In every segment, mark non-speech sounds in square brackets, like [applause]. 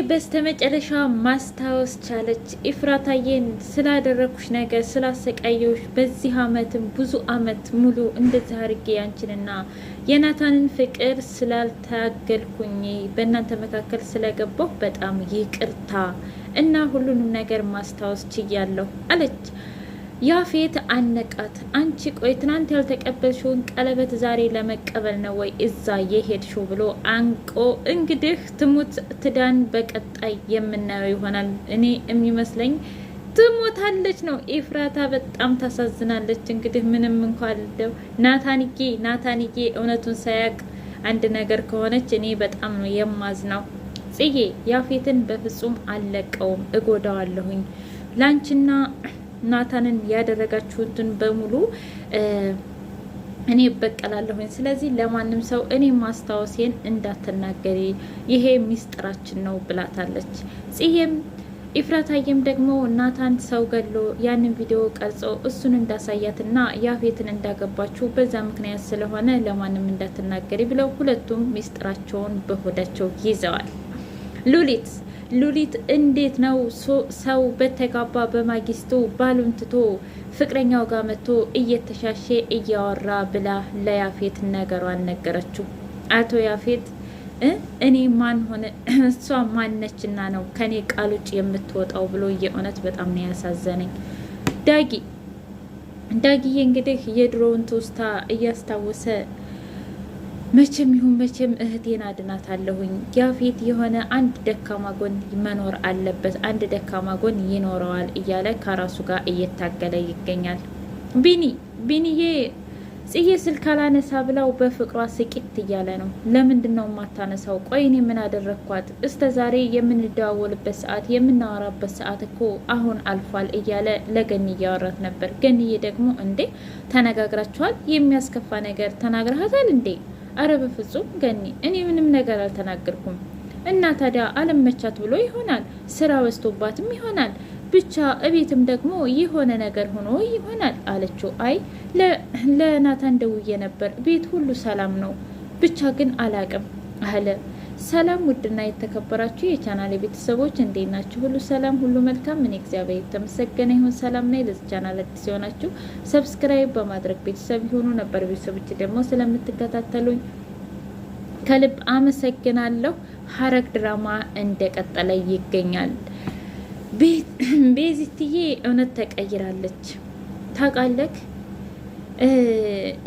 እንግዲህ በስተመጨረሻ ማስታወስ ቻለች። ኢፍራታዬን ስላደረኩሽ ነገር ስላሰቃየሁሽ፣ በዚህ አመትም ብዙ አመት ሙሉ እንደዚህ አድርጌ ያንችንና የናታንን ፍቅር ስላልታገልኩኝ በእናንተ መካከል ስለገባሁ በጣም ይቅርታ እና ሁሉንም ነገር ማስታወስ ችያለሁ አለች። ያፌት አነቃት። አንቺ ቆይ ትናንት ያልተቀበልሽውን ቀለበት ዛሬ ለመቀበል ነው ወይ እዛ የሄድሽው? ብሎ አንቆ እንግዲህ ትሙት ትዳን በቀጣይ የምናየው ይሆናል። እኔ የሚመስለኝ ትሞታለች ነው። ኤፍራታ በጣም ታሳዝናለች። እንግዲህ ምንም እንኳ ናታንጌ ናታንጌ እውነቱን ሳያቅ አንድ ነገር ከሆነች እኔ በጣም ነው የማዝነው። ጽዬ ያፌትን በፍጹም አልለቀውም፣ እጎዳዋለሁኝ ላንቺና ናታንን ያደረጋችሁትን በሙሉ እኔ እበቀላለሁኝ። ስለዚህ ለማንም ሰው እኔ ማስታወሴን እንዳትናገሪ፣ ይሄ ሚስጥራችን ነው ብላታለች። ጽዬም ኢፍራታዬም ደግሞ ናታን ሰው ገሎ ያንን ቪዲዮ ቀርጾ እሱን እንዳሳያትና ያፌትን እንዳገባችሁ በዛ ምክንያት ስለሆነ ለማንም እንዳትናገሪ ብለው ሁለቱም ሚስጥራቸውን በሆዳቸው ይዘዋል። ሉሊት ሉሊት እንዴት ነው ሰው በተጋባ በማግስቱ ባሉን ትቶ ፍቅረኛው ጋር መጥቶ እየተሻሸ እያወራ ብላ ለያፌት ነገሯን ነገረችው። አቶ ያፌት እኔ ማን ሆነ [clears throat] እሷ ማነችና ነው ከኔ ቃል ውጭ የምትወጣው ብሎ የእውነት በጣም ነው ያሳዘነኝ። ዳጊ ዳጊዬ እንግዲህ የድሮውን ትውስታ እያስታወሰ መቼም ይሁን መቼም እህቴን አድናታለሁኝ። ያፌት የሆነ አንድ ደካማ ጎን መኖር አለበት፣ አንድ ደካማ ጎን ይኖረዋል እያለ ከራሱ ጋር እየታገለ ይገኛል። ቢኒ ቢኒዬ ጽዬ ስልክ አላነሳ ብላው በፍቅሯ ስቂት እያለ ነው። ለምንድን ነው የማታነሳው? ቆይ እኔ ምን አደረግኳት? እስከ ዛሬ የምንደዋወልበት ሰዓት የምናወራበት ሰዓት እኮ አሁን አልፏል እያለ ለገኒ እያወራት ነበር። ገኒዬ ደግሞ እንዴ ተነጋግራችኋል? የሚያስከፋ ነገር ተናግረሃታል እንዴ አረ በፍጹም ገኒ፣ እኔ ምንም ነገር አልተናገርኩም። እና ታዲያ አለመቻት ብሎ ይሆናል፣ ስራ በዝቶባትም ይሆናል፣ ብቻ እቤትም ደግሞ የሆነ ነገር ሆኖ ይሆናል አለችው። አይ ለናታን ደውዬ ነበር፣ ቤት ሁሉ ሰላም ነው፣ ብቻ ግን አላቅም አለ ሰላም ውድና የተከበራችሁ የቻናል ቤተሰቦች እንዴት ናችሁ? ሁሉ ሰላም፣ ሁሉ መልካም። እኔ እግዚአብሔር የተመሰገነ ይሁን ሰላም ነኝ። ለዚህ ቻናል አዲስ የሆናችሁ ሰብስክራይብ በማድረግ ቤተሰብ የሆኑ ነበር። ቤተሰቦች ደግሞ ስለምትከታተሉኝ ከልብ አመሰግናለሁ። ሐረግ ድራማ እንደቀጠለ ይገኛል። ቤዚትዬ እውነት ተቀይራለች። ታውቃለህ፣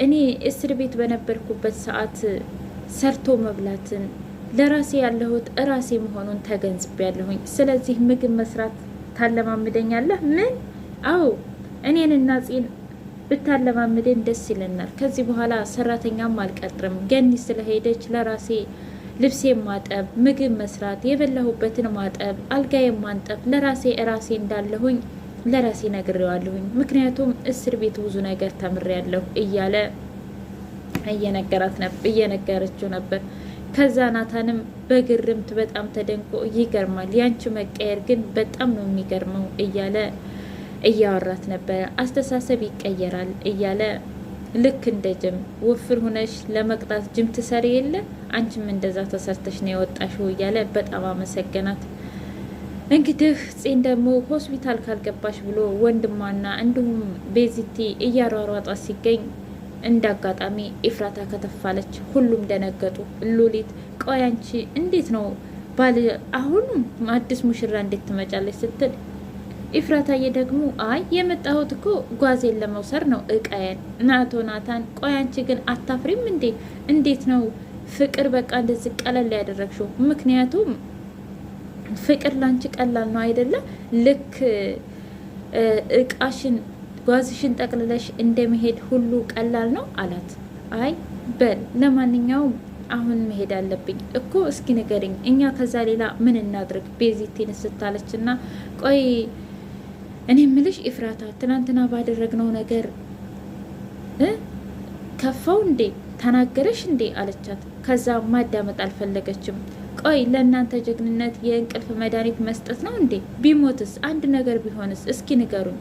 እኔ እስር ቤት በነበርኩበት ሰዓት ሰርቶ መብላትን ለራሴ ያለሁት እራሴ መሆኑን ተገንዝቤ ያለሁኝ። ስለዚህ ምግብ መስራት ታለማምደኛለህ? ምን? አዎ እኔንና ጺን ብታለማምደን ደስ ይለናል። ከዚህ በኋላ ሰራተኛም አልቀጥርም። ገኒ ስለሄደች ለራሴ ልብሴ ማጠብ፣ ምግብ መስራት፣ የበላሁበትን ማጠብ፣ አልጋዬ ማንጠፍ ለራሴ እራሴ እንዳለሁኝ ለራሴ ነግሬዋለሁኝ። ምክንያቱም እስር ቤት ብዙ ነገር ተምሬያለሁ እያለ እየነገራት እየነገረችው ነበር። ከዛ ናታንም በግርምት በጣም ተደንቆ ይገርማል፣ ያንቺ መቀየር ግን በጣም ነው የሚገርመው እያለ እያወራት ነበረ። አስተሳሰብ ይቀየራል እያለ ልክ እንደ ጅም ወፍር ሁነሽ ለመቅጣት ጅም ትሰሪ የለ አንቺም እንደዛ ተሰርተሽ ነው የወጣሽው እያለ በጣም አመሰገናት። እንግዲህ ፄን ደግሞ ሆስፒታል ካልገባሽ ብሎ ወንድሟና እንዲሁም ቤዚቲ እያሯሯጧ ሲገኝ እንደ አጋጣሚ ኤፍራታ ከተፋለች። ሁሉም ደነገጡ። ሉሊት ቆይ አንቺ እንዴት ነው ባል አሁንም አዲስ ሙሽራ እንዴት ትመጫለች ስትል ኤፍራታዬ ደግሞ አይ የመጣሁት እኮ ጓዜን ለመውሰድ ነው እቃዬን ናቶ ናታን ቆይ አንቺ ግን አታፍሪም እንዴ እንዴት ነው ፍቅር በቃ እንደዚህ ቀለል ያደረግሽው ምክንያቱም ፍቅር ላንቺ ቀላል ነው አይደለም ልክ እቃሽን ጓዝሽን ጠቅልለሽ እንደመሄድ ሁሉ ቀላል ነው አላት። አይ በል ለማንኛውም አሁን መሄድ አለብኝ እኮ እስኪ ንገሪኝ፣ እኛ ከዛ ሌላ ምን እናድርግ? ቤዚቴን ስታለች ና ቆይ እኔ ምልሽ ኢፍራታ፣ ትናንትና ባደረግነው ነገር ከፋው እንዴ ተናገረሽ እንዴ አለቻት። ከዛ ማዳመጥ አልፈለገችም። ቆይ ለእናንተ ጀግንነት የእንቅልፍ መድኃኒት መስጠት ነው እንዴ? ቢሞትስ? አንድ ነገር ቢሆንስ? እስኪ ንገሩኝ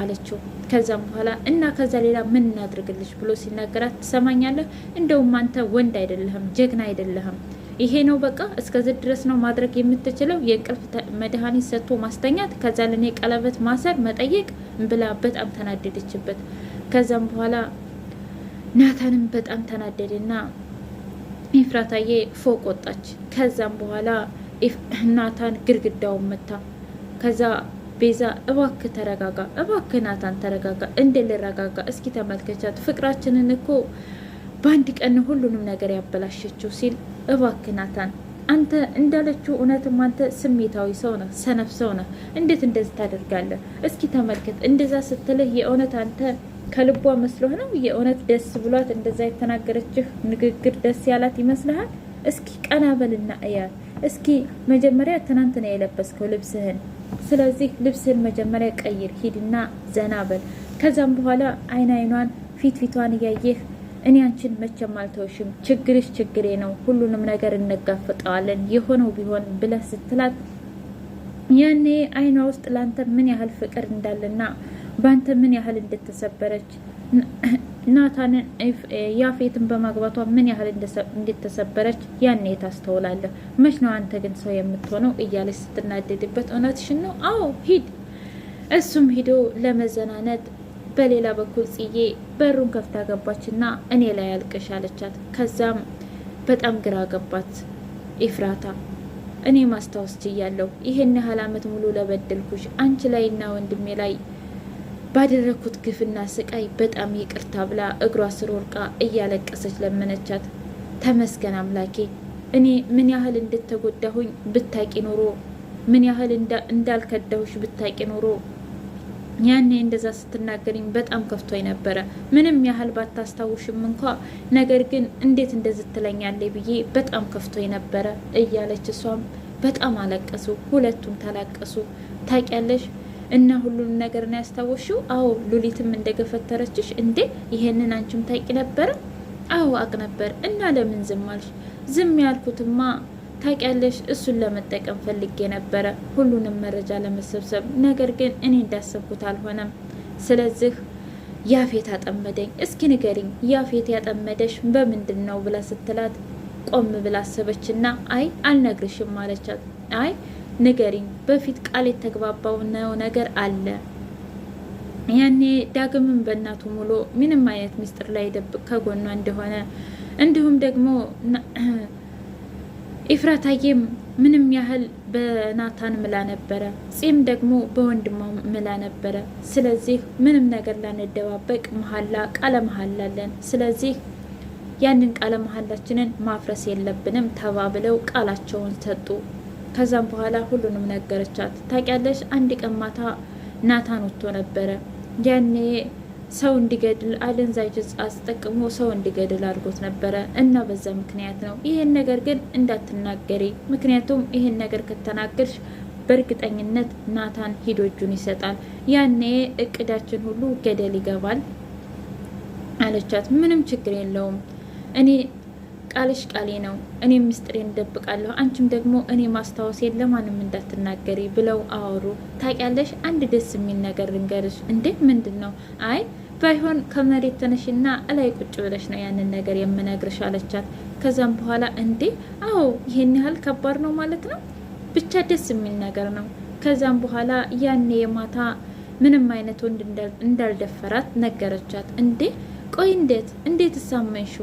አለችው። ከዛም በኋላ እና ከዛ ሌላ ምን እናድርግልሽ ብሎ ሲናገራት ትሰማኛለህ፣ እንደውም አንተ ወንድ አይደለህም፣ ጀግና አይደለህም። ይሄ ነው በቃ፣ እስከዚህ ድረስ ነው ማድረግ የምትችለው፣ የእንቅልፍ መድኃኒት ሰጥቶ ማስተኛት፣ ከዛ ለእኔ ቀለበት ማሰር፣ መጠየቅ ብላ በጣም ተናደደችበት። ከዛም በኋላ ናታንም በጣም ተናደደና ኤፍራታዬ ፎቅ ወጣች። ከዛም በኋላ ናታን ግድግዳውን መታ። ከዛ ቤዛ እባክ ተረጋጋ፣ እባክ ናታን ተረጋጋ። እንደ ልረጋጋ እስኪ ተመልከቻት፣ ፍቅራችንን እኮ በአንድ ቀን ሁሉንም ነገር ያበላሸችው ሲል እባክ ናታን፣ አንተ እንዳለችው እውነትም አንተ ስሜታዊ ሰው ነህ፣ ሰነፍ ሰው ነህ። እንዴት እንደዚህ ታደርጋለህ? እስኪ ተመልከት፣ እንደዛ ስትልህ የእውነት አንተ ከልቧ መስሎህ ነው? የእውነት ደስ ብሏት እንደዛ የተናገረችህ ንግግር ደስ ያላት ይመስልሃል? እስኪ ቀና በልና እያት እስኪ መጀመሪያ ትናንትና የለበስከው ልብስህን ስለዚህ ልብስን መጀመሪያ ቀይር፣ ሂድና ዘና በል። ከዛም በኋላ አይን አይኗን ፊት ፊቷን እያየህ እኔ አንቺን መቼም አልተውሽም፣ ችግርሽ ችግሬ ነው፣ ሁሉንም ነገር እንጋፈጠዋለን፣ የሆነው ቢሆን ብለህ ስትላት ያኔ አይኗ ውስጥ ለአንተ ምን ያህል ፍቅር እንዳለና በአንተ ምን ያህል እንደተሰበረች ናታንን ያፌትን በማግባቷ ምን ያህል እንደተሰበረች ያኔ ታስተውላለህ። መች ነው አንተ ግን ሰው የምትሆነው እያለች ስትናደድበት፣ እውነትሽን ነው አዎ ሂድ። እሱም ሂዶ ለመዘናነጥ በሌላ በኩል ጽዬ በሩን ከፍታ ገባችና እኔ ላይ አልቅሽ አለቻት። ከዛም በጣም ግራ ገባት ኢፍራታ እኔ ማስታወስ ችያለሁ፣ ይህን ያህል አመት ሙሉ ለበደልኩሽ አንቺ ላይና ወንድሜ ላይ ባደረግኩት ግፍና ስቃይ በጣም ይቅርታ ብላ እግሯ ስር ወርቃ እያለቀሰች ለመነቻት። ተመስገን አምላኬ፣ እኔ ምን ያህል እንደተጎዳሁኝ ብታቂ ኖሮ፣ ምን ያህል እንዳልከዳሁሽ ብታቂ ኖሮ ያኔ እንደዛ ስትናገርኝ በጣም ከፍቶኝ ነበረ። ምንም ያህል ባታስታውሽም እንኳ ነገር ግን እንዴት እንደዚህ ትለኛለች ብዬ በጣም ከፍቶኝ ነበረ እያለች እሷም በጣም አለቀሱ። ሁለቱም ተላቀሱ። ታውቂያለሽ እና ሁሉንም ነገር ነው ያስታወሽው? አዎ ሉሊትም እንደገፈተረችሽ እንዴ? ይሄንን አንቺም ታውቂ ነበረ? አዎ አቅ ነበር። እና ለምን ዝም አልሽ? ዝም ያልኩትማ ታውቂያለሽ፣ እሱን ለመጠቀም ፈልጌ ነበረ፣ ሁሉንም መረጃ ለመሰብሰብ። ነገር ግን እኔ እንዳሰብኩት አልሆነም። ስለዚህ ያፌት አጠመደኝ። እስኪ ንገሪኝ፣ ያፌት ያጠመደሽ በምንድን ነው ብላ ስትላት ቆም ብላ አሰበችና አይ አልነግርሽም አለቻት። አይ ንገሪኝ፣ በፊት ቃል የተግባባው ነው ነገር አለ። ያኔ ዳግምን በእናቱ ሙሉ ምንም አይነት ምስጢር ላይ ደብቅ ከጎኗ እንደሆነ እንዲሁም ደግሞ [clears throat] ኢፍራታዬም ምንም ያህል በናታን ምላ ነበረ፣ ጺም ደግሞ በወንድሟ ምላ ነበረ። ስለዚህ ምንም ነገር ላንደባበቅ መሀላ ቃለ መሀላ አለን። ስለዚህ ያንን ቃለ መሀላችንን ማፍረስ የለብንም ተባብለው ቃላቸውን ሰጡ። ከዛም በኋላ ሁሉንም ነገረቻት። ታውቂያለሽ አንድ ቀን ማታ ናታን ወጥቶ ነበረ። ያኔ ሰው እንዲገድል አደንዛዥ እጽ አስጠቅሞ ሰው እንዲገድል አድርጎት ነበረ እና በዛ ምክንያት ነው። ይህን ነገር ግን እንዳትናገሪ፣ ምክንያቱም ይህን ነገር ከተናገርሽ በእርግጠኝነት ናታን ሂዶ እጁን ይሰጣል። ያኔ እቅዳችን ሁሉ ገደል ይገባል አለቻት። ምንም ችግር የለውም እኔ ቃልሽ ቃሌ ነው፣ እኔም ምስጢሬን እደብቃለሁ፣ አንቺም ደግሞ እኔ ማስታወሴ ለማንም እንዳትናገሪ ብለው አወሩ። ታውቂያለሽ፣ አንድ ደስ የሚል ነገር ልንገርሽ። እንዴ? ምንድን ነው? አይ ባይሆን ከመሬት ተነሽና እላይ ቁጭ ብለሽ ነው ያንን ነገር የምነግርሽ አለቻት። ከዛም በኋላ እንዴ፣ አዎ ይሄን ያህል ከባድ ነው ማለት ነው? ብቻ ደስ የሚል ነገር ነው። ከዛም በኋላ ያኔ የማታ ምንም አይነት ወንድ እንዳልደፈራት ነገረቻት። እንዴ ቆይ እንዴት እንዴት እሳመንሹ?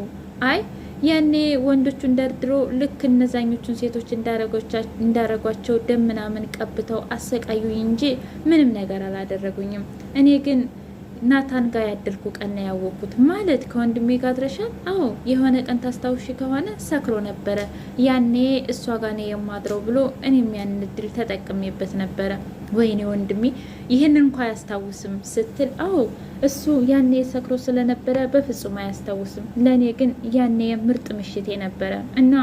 አይ ያኔ ወንዶቹ እንደድሮ ልክ እነዛኞቹን ሴቶች እንዳረጓቸው ደም ምናምን ቀብተው አሰቃዩኝ እንጂ ምንም ነገር አላደረጉኝም። እኔ ግን ናታን ጋር ያደርኩ ቀን ነው ያወቅኩት። ማለት ከወንድሜ ጋር አድረሻል? አዎ፣ የሆነ ቀን ታስታውሺ ከሆነ ሰክሮ ነበረ። ያኔ እሷ ጋር ነው የማድረው ብሎ እኔም ያንን እድል ተጠቅሜበት ነበረ። ወይኔ ወንድሜ ይህን እንኳ አያስታውስም ስትል፣ አዎ እሱ ያኔ ሰክሮ ስለነበረ በፍጹም አያስታውስም። ለእኔ ግን ያኔ የምርጥ ምሽቴ ነበረ እና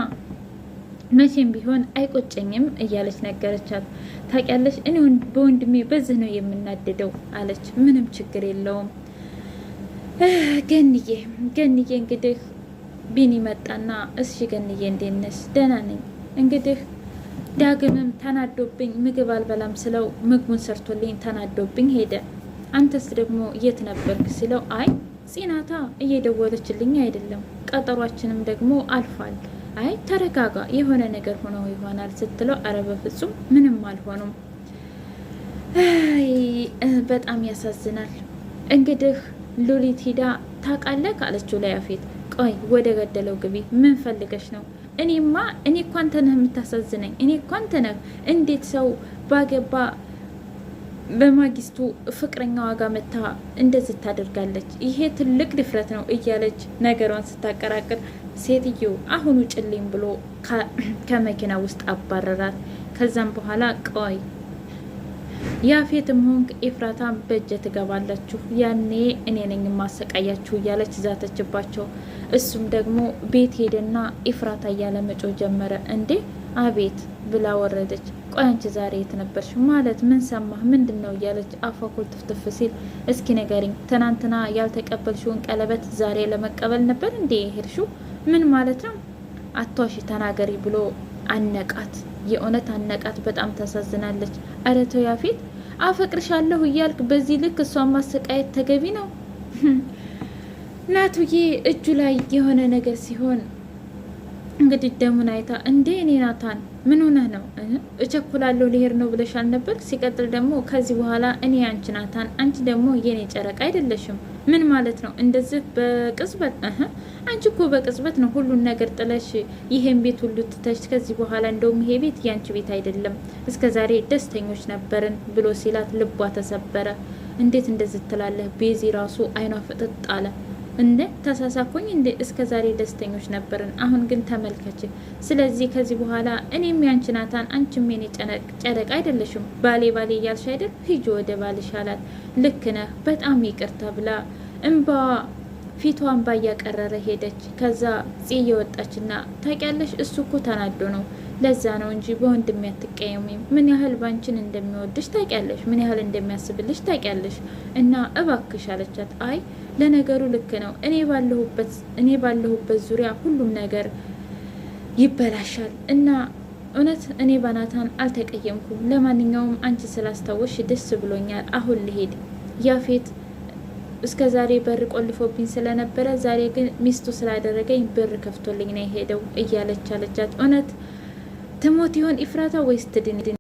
መቼም ቢሆን አይቆጨኝም እያለች ነገረቻት። ታውቂያለሽ፣ እኔ በወንድሜ በዚህ ነው የምናደደው አለች። ምንም ችግር የለውም ገንዬ። ገንዬ እንግዲህ ቢኒ መጣና፣ እሺ ገንዬ እንዴት ነሽ? ደህና ነኝ እንግዲህ ዳግምም ተናዶብኝ ምግብ አልበላም ስለው ምግቡን ሰርቶልኝ ተናዶብኝ ሄደ። አንተስ ደግሞ የት ነበርክ ስለው አይ ጽናታ እየደወለችልኝ አይደለም፣ ቀጠሯችንም ደግሞ አልፏል። አይ ተረጋጋ፣ የሆነ ነገር ሆነው ይሆናል ስትለው አረ በፍጹም ምንም አልሆኑም። በጣም ያሳዝናል። እንግዲህ ሉሊት ሂዳ ታውቃለህ ላይ አፌት ቆይ ወደ ገደለው ግቢ ምን ፈልገሽ ነው እኔማ እኔ እኮ አንተ ነህ የምታሳዝነኝ። እኔ እኮ አንተ ነህ። እንዴት ሰው ባገባ በማግስቱ ፍቅረኛ ዋጋ መታ እንደዚህ ታደርጋለች? ይሄ ትልቅ ድፍረት ነው እያለች ነገሯን ስታቀራቅር ሴትዮ አሁኑ ጭልኝ ብሎ ከመኪና ውስጥ አባረራት። ከዛም በኋላ ቆይ ያፌትም ሆንክ ኤፍራታ በእጀ ትገባላችሁ፣ ያኔ እኔ ነኝ ማሰቃያችሁ እያለች ዛተችባቸው። እሱም ደግሞ ቤት ሄደና ኤፍራታ እያለ መጮ ጀመረ። እንዴ አቤት ብላ ወረደች። ቆይ አንቺ ዛሬ የት ነበርሽ? ማለት ምን ሰማህ? ምንድን ነው እያለች አፏኩል ትፍትፍ ሲል እስኪ ንገሪኝ፣ ትናንትና ያልተቀበልሽውን ቀለበት ዛሬ ለመቀበል ነበር እንዴ ሄድሽው? ምን ማለት ነው? አቷሽ ተናገሪ ብሎ አነቃት። የእውነት አነቃት። በጣም ታሳዝናለች። አረ ተው ያፌት፣ አፈቅርሻለሁ እያልክ በዚህ ልክ እሷን ማሰቃየት ተገቢ ነው? ናቱዬ እጁ ላይ የሆነ ነገር ሲሆን እንግዲህ ደሙን አይታ እንዴ እኔ ናታን ምን ሆነህ ነው? እቸኩላለሁ ልሄድ ነው ብለሽ አልነበር ሲቀጥል ደግሞ ከዚህ በኋላ እኔ አንቺ ናታን፣ አንቺ ደግሞ የኔ ጨረቃ አይደለሽም። ምን ማለት ነው እንደዚህ በቅጽበት? አንቺ እኮ በቅጽበት ነው ሁሉን ነገር ጥለሽ ይሄን ቤት ሁሉ ትተሽ። ከዚህ በኋላ እንደውም ይሄ ቤት ያንቺ ቤት አይደለም፣ እስከ ዛሬ ደስተኞች ነበርን ብሎ ሲላት ልቧ ተሰበረ። እንዴት እንደዚህ ትላለህ? ቤዚ ራሱ አይኗ ፍጥጥ አለ። እንደ ተሳሳኩኝ እንደ እስከ ዛሬ ደስተኞች ነበርን። አሁን ግን ተመልከች። ስለዚህ ከዚህ በኋላ እኔም ያንቺ ናታን፣ አንቺም የኔ ጨረቅ አይደለሽም። ባሌ ባሌ እያልሽ አይደል? ሂጂ ወደ ባልሽ አላት። ልክ ነህ፣ በጣም ይቅርታ ብላ እምባ ፊቷን ባያቀረረ ሄደች። ከዛ ጽ እየወጣችና ታውቂያለሽ፣ እሱ እኮ ተናዶ ነው ለዛ ነው እንጂ በወንድም አትቀየሚ። ምን ያህል ባንችን እንደሚወድሽ ታውቂያለሽ፣ ምን ያህል እንደሚያስብልሽ ታውቂያለሽ። እና እባክሽ አለቻት። አይ ለነገሩ ልክ ነው። እኔ ባለሁበት ዙሪያ ሁሉም ነገር ይበላሻል እና እውነት እኔ ባናታን አልተቀየምኩም። ለማንኛውም አንቺ ስላስታወሽ ደስ ብሎኛል። አሁን ልሄድ። ያፌት እስከ ዛሬ በር ቆልፎብኝ ስለነበረ ዛሬ ግን ሚስቱ ስላደረገኝ በር ከፍቶልኝ ነው የሄደው እያለች አለቻት እውነት ትሞት ይሆን ኢፍራታ ወይስ ትድን?